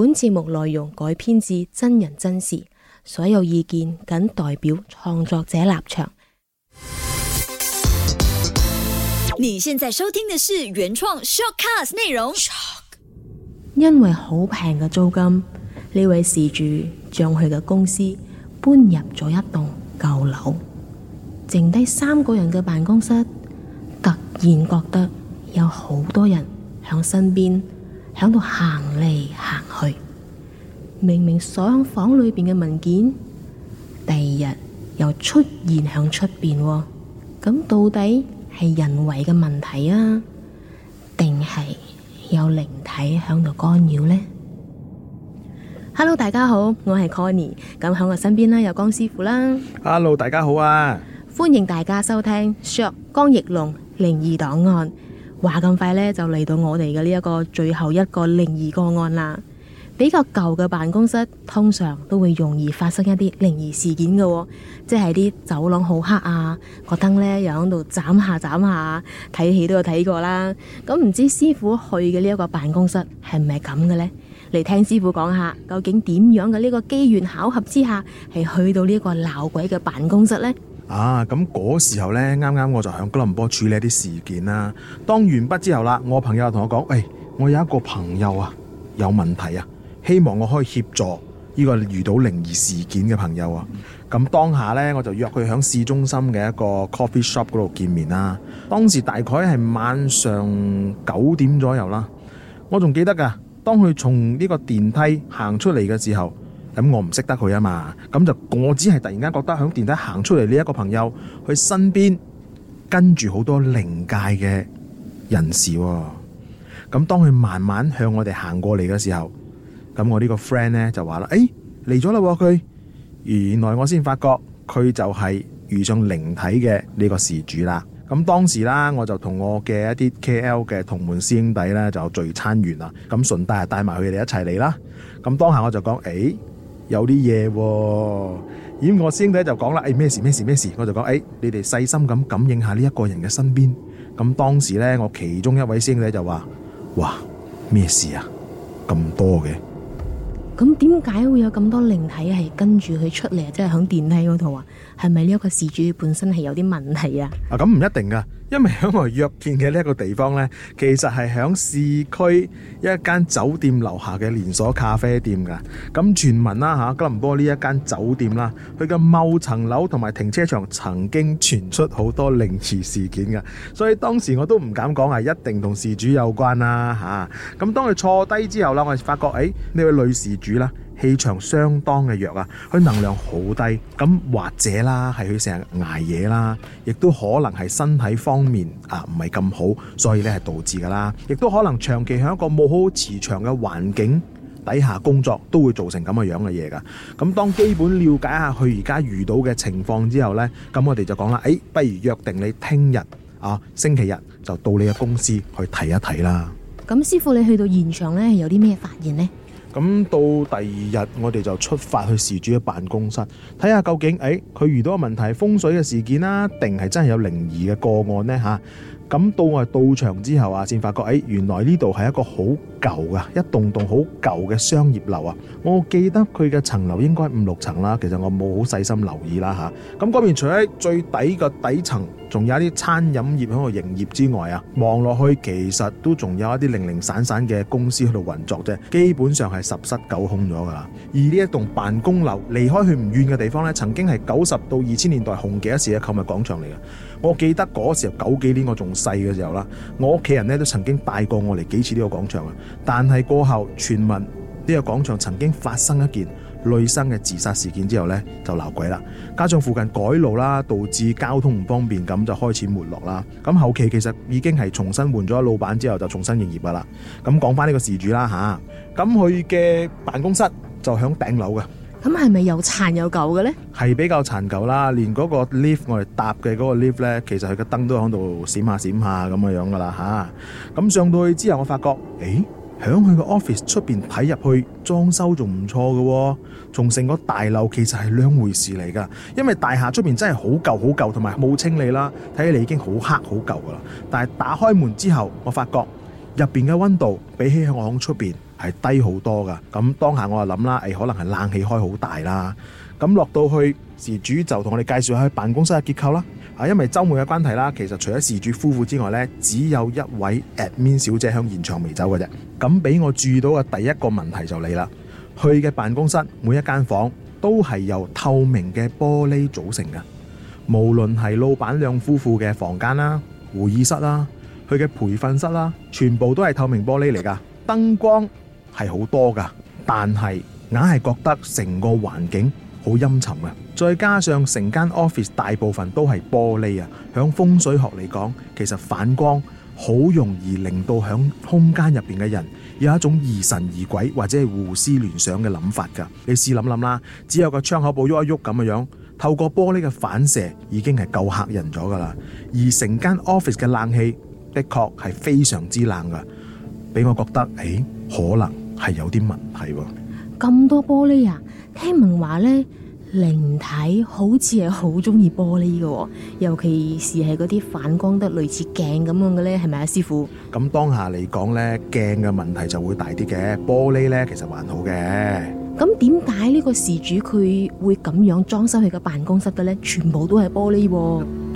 本節目內容改編自真人真事，所有意見僅代表創作者立場。你現在收聽的是原創 shortcast 內容。因為好平嘅租金，呢位事主將佢嘅公司搬入咗一棟舊樓，剩低三個人嘅辦公室，突然覺得有好多人響身邊，響度行嚟行。明明鎖喺房裏邊嘅文件，第二日又出現喺出邊，咁到底係人為嘅問題啊，定係有靈體響度干擾呢？Hello，大家好，我係 Connie，咁喺我身邊咧有江師傅啦。Hello，大家好啊！歡迎大家收聽 her,《卓江奕龍靈異檔案》，話咁快呢，就嚟到我哋嘅呢一個最後一個靈異個案啦。比較舊嘅辦公室通常都會容易發生一啲靈異事件嘅、哦，即係啲走廊好黑啊，個燈呢又響度盞下盞下，睇戲都有睇過啦。咁、嗯、唔知師傅去嘅呢一個辦公室係唔係咁嘅呢？嚟聽師傅講下，究竟點樣嘅呢個機緣巧合之下係去到呢一個鬧鬼嘅辦公室呢？啊，咁嗰時候呢，啱啱我就響吉隆坡處理一啲事件啦、啊。當完畢之後啦，我朋友就同我講：誒、欸，我有一個朋友啊有問題啊。希望我可以協助呢個遇到靈異事件嘅朋友啊！咁當下咧，我就約佢響市中心嘅一個 coffee shop 嗰度見面啦、啊，當時大概係晚上九點左右啦，我仲記得噶。當佢從呢個電梯行出嚟嘅時候，咁我唔識得佢啊嘛，咁就我只係突然間覺得響電梯行出嚟呢一個朋友，佢身邊跟住好多靈界嘅人士、啊。咁當佢慢慢向我哋行過嚟嘅時候，咁我呢個 friend 呢就話啦，誒嚟咗啦佢。原來我先發覺佢就係遇上靈體嘅呢個事主啦。咁當時啦，我就同我嘅一啲 KL 嘅同門師兄弟呢就聚餐完啦，咁順帶係帶埋佢哋一齊嚟啦。咁當下我就講，誒有啲嘢，誒我師兄弟就講啦，誒咩事咩事咩事？我就講，誒你哋細心咁感應下呢一個人嘅身邊。咁當時呢，我其中一位師兄弟就話，哇咩事啊咁多嘅？咁點解會有咁多靈體係跟住佢出嚟啊？即係響電梯嗰度啊？係咪呢一個事主本身係有啲問題啊？啊，咁唔一定噶。因為響我約見嘅呢一個地方呢，其實係響市區一間酒店樓下嘅連鎖咖啡店噶。咁傳聞啦、啊、吓，吉林波呢一間酒店啦，佢嘅某層樓同埋停車場曾經傳出好多靈異事件噶，所以當時我都唔敢講係一定同事主有關啦、啊、吓。咁、啊、當佢坐低之後啦，我發覺誒，呢、哎、位女事主啦。氣場相當嘅弱啊，佢能量好低，咁或者啦，係佢成日挨夜啦，亦都可能係身體方面啊唔係咁好，所以咧係導致噶啦，亦都可能長期喺一個冇好好磁場嘅環境底下工作，都會造成咁嘅樣嘅嘢噶。咁當基本了解下佢而家遇到嘅情況之後咧，咁我哋就講啦，誒，不如約定你聽日啊星期日就到你嘅公司去睇一睇啦。咁師傅你去到現場咧，有啲咩發現咧？咁到第二日，我哋就出發去事主嘅辦公室，睇下究竟，誒，佢遇到嘅問題，風水嘅事件啦，定係真係有靈異嘅個案呢？吓、啊，咁到我哋到場之後啊，先發覺，誒，原來呢度係一個好舊啊，一棟棟好舊嘅商業樓啊。我記得佢嘅層樓應該五六層啦，其實我冇好細心留意啦，吓、啊。咁嗰邊除咗最底嘅底層。仲有一啲餐飲業喺度營業之外啊，望落去其實都仲有一啲零零散散嘅公司喺度運作啫，基本上係十室九空咗噶啦。而呢一棟辦公樓離開去唔遠嘅地方呢，曾經係九十到二千年代紅極一時嘅購物廣場嚟噶。我記得嗰時候九幾年我仲細嘅時候啦，我屋企人呢都曾經帶過我嚟幾次呢個廣場啊。但係過後傳聞呢個廣場曾經發生一件女生嘅自殺事件之後咧，就鬧鬼啦。加上附近改路啦，導致交通唔方便，咁就開始沒落啦。咁後期其實已經係重新換咗老闆之後，就重新營業噶啦。咁講翻呢個事主啦嚇，咁佢嘅辦公室就響頂樓嘅。咁係咪又殘又舊嘅呢？係比較殘舊啦，連嗰個響佢個 office 出邊睇入去，裝修仲唔錯噶。從成個大樓其實係兩回事嚟噶，因為大廈出邊真係好舊好舊，同埋冇清理啦，睇起嚟已經好黑好舊噶啦。但係打開門之後，我發覺入邊嘅溫度比起響出邊係低好多噶。咁當下我就諗啦，誒可能係冷氣開好大啦。咁落到去事主就同我哋介紹下辦公室嘅結構啦。啊，因為周末嘅關係啦，其實除咗事主夫婦之外呢，只有一位 admin 小姐向現場未走嘅啫。咁俾我注意到嘅第一個問題就嚟啦，佢嘅辦公室每一間房都係由透明嘅玻璃組成嘅，無論係老闆兩夫婦嘅房間啦、會議室啦、佢嘅培訓室啦，全部都係透明玻璃嚟噶。燈光係好多噶，但係硬係覺得成個環境好陰沉啊。再加上成間 office 大部分都係玻璃啊，響風水學嚟講，其實反光好容易令到響空間入邊嘅人有一種疑神疑鬼或者係胡思亂想嘅諗法噶。你試諗諗啦，只有個窗口部喐一喐咁嘅樣，透過玻璃嘅反射已經係夠嚇人咗噶啦。而成間 office 嘅冷氣的確係非常之冷噶，俾我覺得，誒、欸，可能係有啲問題啊。咁多玻璃啊，聽聞話呢。靈體好似係好中意玻璃嘅喎，尤其是係嗰啲反光得類似鏡咁樣嘅咧，係咪啊，師傅？咁當下嚟講咧，鏡嘅問題就會大啲嘅，玻璃咧其實還好嘅。咁點解呢個事主佢會咁樣裝修佢嘅辦公室嘅咧？全部都係玻璃。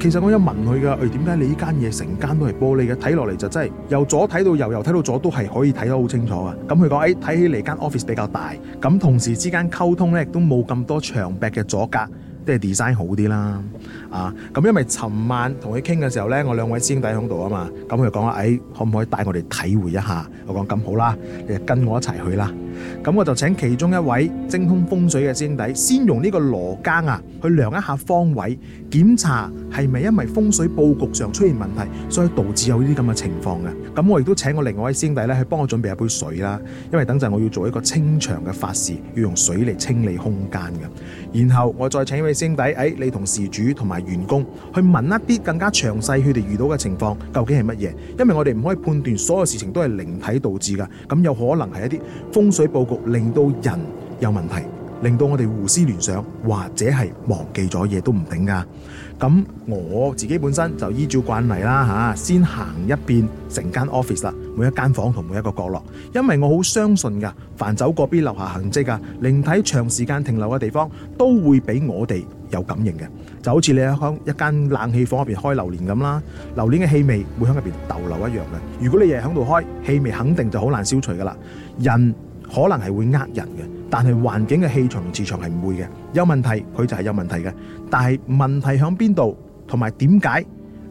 其實我一問佢噶，誒，點解你呢間嘢，成間都係玻璃嘅？睇落嚟，就真係由左睇到右，由右睇到左都係可以睇得好清楚啊！咁佢講，誒、欸，睇起嚟間 office 比較大，咁同事之間溝通呢都冇咁多牆壁嘅阻隔，即係 design 好啲啦。啊，咁因為尋晚同佢傾嘅時候咧，我兩位師兄弟響度啊嘛，咁佢講：「啊，誒，可唔可以帶我哋體會一下？」我講：「咁好啦，你就跟我一齊去啦。」咁、嗯、我就請其中一位精通風水嘅師兄弟先用呢個羅庚啊，去量一下方位，檢查係咪因為風水布局上出現問題，所以導致有呢啲咁嘅情況嘅。咁、嗯、我亦都請我另外一位師兄弟咧，去幫我準備一杯水啦，因為等陣我要做一個清場嘅法事，要用水嚟清理空間嘅。然後我再請一位師兄弟，誒，你同事主同埋員工去問一啲更加詳細，佢哋遇到嘅情況究竟係乜嘢？因為我哋唔可以判斷所有事情都係靈體導致噶咁有可能係一啲風水布局令到人有問題，令到我哋胡思亂想，或者係忘記咗嘢都唔定噶。咁我自己本身就依照慣例啦，吓，先行一遍成間 office 啦。每一間房同每一個角落，因為我好相信噶，凡走過邊留下痕跡噶，靈體長時間停留嘅地方，都會俾我哋有感應嘅。就好似你喺響一間冷氣房入邊開榴蓮咁啦，榴蓮嘅氣味會響入邊逗留一樣嘅。如果你日日響度開，氣味肯定就好難消除噶啦。人可能係會呃人嘅，但係環境嘅氣場同磁場係唔會嘅。有問題佢就係有問題嘅，但係問題響邊度？同埋點解？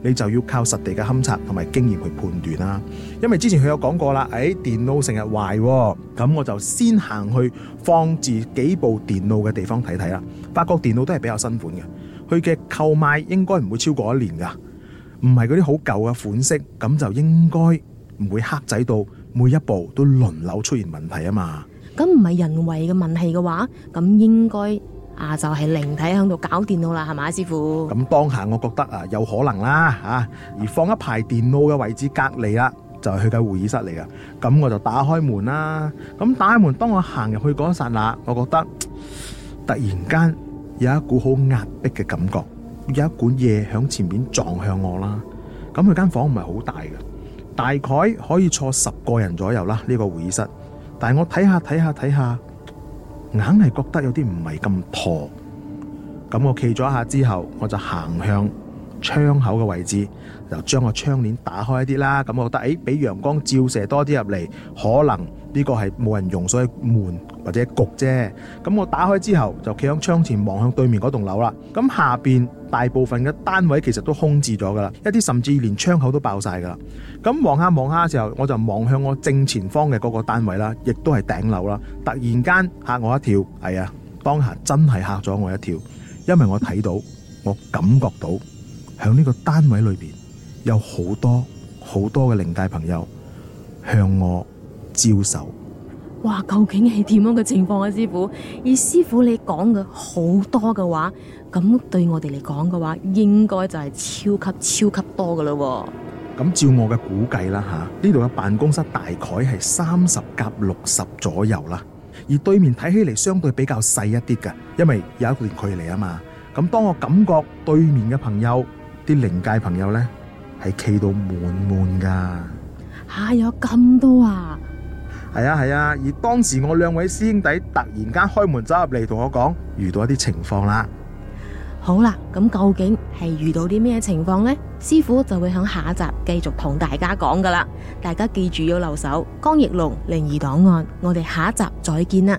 你就要靠實地嘅勘察同埋經驗去判斷啦，因為之前佢有講過啦，誒，電腦成日壞，咁我就先行去放置幾部電腦嘅地方睇睇啦，發覺電腦都係比較新款嘅，佢嘅購買應該唔會超過一年噶，唔係嗰啲好舊嘅款式，咁就應該唔會黑仔到每一部都輪流出現問題啊嘛，咁唔係人為嘅問題嘅話，咁應該。啊，就係靈體響度搞電腦啦，係嘛，師傅。咁當下我覺得啊，有可能啦，吓而放一排電腦嘅位置隔離啦，就係佢嘅會議室嚟噶。咁我就打開門啦，咁打開門，當我行入去嗰一剎那，我覺得突然間有一股好壓迫嘅感覺，有一管嘢響前面撞向我啦。咁佢間房唔係好大嘅，大概可以坐十個人左右啦。呢個會議室，但係我睇下睇下睇下，硬係覺得有啲唔係咁妥，咁我企咗一下之後，我就行向窗口嘅位置，就將個窗簾打開一啲啦。咁我覺得誒，俾、欸、陽光照射多啲入嚟，可能呢個係冇人用，所以悶或者焗啫。咁我打開之後，就企喺窗前望向對面嗰棟樓啦。咁下邊。大部分嘅單位其實都空置咗噶啦，一啲甚至連窗口都爆晒噶啦。咁望下望下嘅時候，我就望向我正前方嘅嗰個單位啦，亦都係頂樓啦。突然間吓我一跳，係啊，當下真係吓咗我一跳，因為我睇到，我感覺到響呢個單位裏邊有好多好多嘅靈界朋友向我招手。哇，究竟係點樣嘅情況啊，師傅？而師傅你講嘅好多嘅話，咁對我哋嚟講嘅話，應該就係超級超級多嘅啦、啊。咁照我嘅估計啦，吓，呢度嘅辦公室大概係三十夾六十左右啦。而對面睇起嚟相對比較細一啲嘅，因為有一段距離啊嘛。咁當我感覺對面嘅朋友啲靈界朋友呢，係企到滿滿噶，吓、啊、有咁多啊！係啊係啊，而當時我兩位師兄弟突然間開門走入嚟，同我講遇到一啲情況啦。好啦，咁究竟係遇到啲咩情況呢？師傅就會響下一集繼續同大家講噶啦，大家記住要留守《江奕龍靈異檔案》，我哋下一集再見啦。